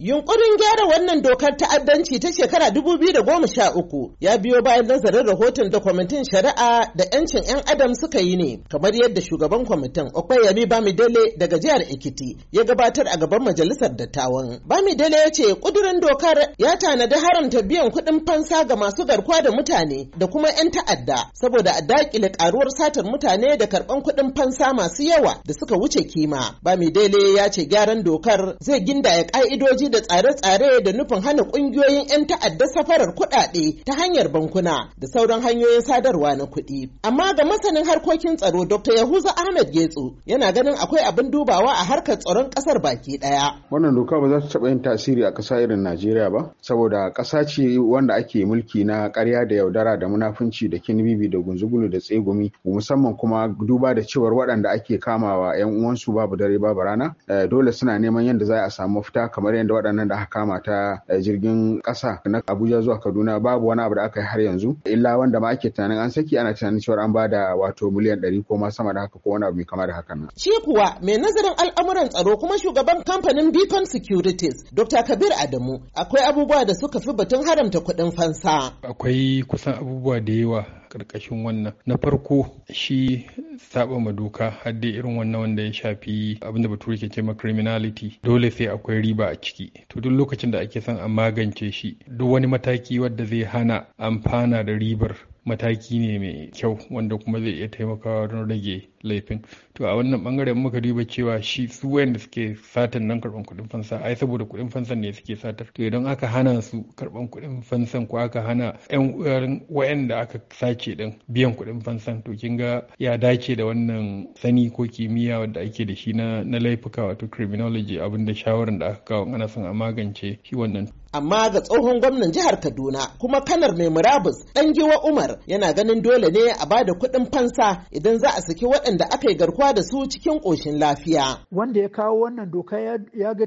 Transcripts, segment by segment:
Yunkurin gyara wannan dokar ta'addanci ta shekara 2013 ya biyo bayan nazarin rahoton da kwamitin shari'a da 'yancin 'yan adam suka yi ne, kamar yadda shugaban kwamitin Okoyemi Bamidele daga jihar Ekiti ya gabatar a gaban majalisar dattawan. Bamidele ya ce kudurin dokar ya tanadi haramta biyan kuɗin fansa ga masu garkuwa da mutane da kuma 'yan ta'adda saboda a dakile karuwar satar mutane da karɓan kuɗin fansa masu yawa da suka wuce kima. Bamidele ya ce gyaran dokar zai gindaya ƙa'idoji da tsare-tsare da nufin hana kungiyoyin 'yan ta'adda safarar kuɗaɗe ta hanyar bankuna da sauran hanyoyin sadarwa na kuɗi. Amma ga masanin harkokin tsaro Dr. Yahuza Ahmed Getsu yana ganin akwai abin dubawa a harkar tsaron ƙasar baki ɗaya. Wannan doka ba za ta taɓa yin tasiri a ƙasa irin Najeriya ba, saboda ƙasa ce wanda ake mulki na ƙarya da yaudara da munafunci da kinbibi da gunzugulu da tsegumi, musamman kuma duba da cewar waɗanda ake kamawa 'yan uwansu babu dare babu rana, eh, dole suna neman yadda za a samu mafita kamar yadda waɗannan da aka kama ta eh, jirgin ƙasa na Abuja zuwa Kaduna babu wani abu da aka yi har yanzu illa wanda ma ake tunanin an saki ana tunanin cewa an bada wato miliyan ɗari ko ma sama da haka ko wani abu mai kama da haka nan. Shi kuwa mai nazarin al'amuran tsaro kuma shugaban kamfanin Beacon Securities Dr. Kabir Adamu akwai abubuwa da suka fi batun haramta kuɗin fansa. Akwai kusan abubuwa da yawa karkashin wannan na farko shi saba ma doka har dai irin wannan wanda ya shafi abinda bature ke ce ma criminality dole sai akwai riba a ciki to duk lokacin da ake son a magance shi duk wani mataki wadda zai hana amfana da ribar mataki ne mai kyau wanda kuma zai iya taimakawa don rage laifin to a wannan bangaren muka duba cewa shi su wayanda suke satan nan karban kudin fansa ai saboda kudin fansan ne suke satar to idan aka hana su karban kudin fansan ko aka hana yan wayanda aka sace din biyan kudin fansan to kin ga ya dace da wannan sani ko kimiyya wanda ake da shi na na laifuka wato criminology abin da shawaran da aka kawo ana son a magance shi wannan amma ga tsohon gwamnan jihar kaduna kuma kanar mai murabus dan giwa umar yana ganin dole ne a bada kuɗin fansa idan za a saki waɗanda aka yi garkuwa da su cikin koshin lafiya wanda ya kawo wannan doka ya ga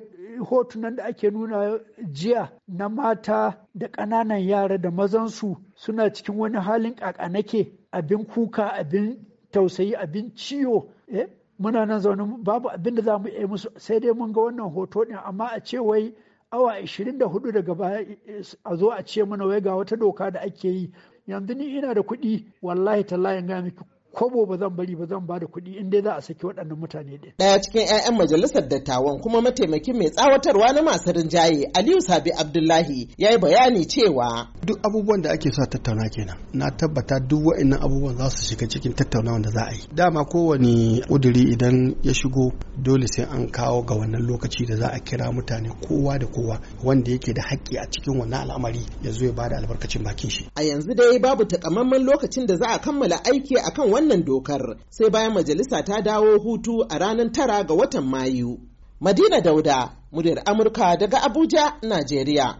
hotunan da ake nuna jiya na mata da ƙananan yara da mazansu suna cikin wani halin ƙaƙanake abin kuka abin tausayi abin ciwo eh, muna nan zaune babu abin da za mu yi musu sai dai mun ga wannan hoto ɗin amma a ce wai awa 24 daga baya a zo a ce mana wai ga wata doka da ake yi yanzu ni ina da kuɗi wallahi tallahi ga miki kobo ba zan bari ba zan ba da kuɗi in dai za a saki waɗannan mutane ɗin. Ɗaya cikin 'ya'yan majalisar dattawan kuma mataimakin mai tsawatarwa na masu rinjaye Aliyu Sabi Abdullahi ya yi bayani cewa. Duk abubuwan da ake sa tattauna kenan na tabbata duk wa'annan abubuwan za su shiga cikin tattaunawan da za a yi. Dama kowane ƙuduri idan ya shigo dole sai an kawo ga wannan lokaci da za a kira mutane kowa da kowa wanda yake da haƙƙi a cikin wannan al'amari ya zo ya bada albarkacin bakin shi. A yanzu dai babu takamaiman lokacin da za a kammala aiki akan wani wannan dokar sai bayan majalisa ta dawo hutu a ranar tara ga watan Mayu. Madina Dauda, muryar Amurka daga Abuja, Najeriya.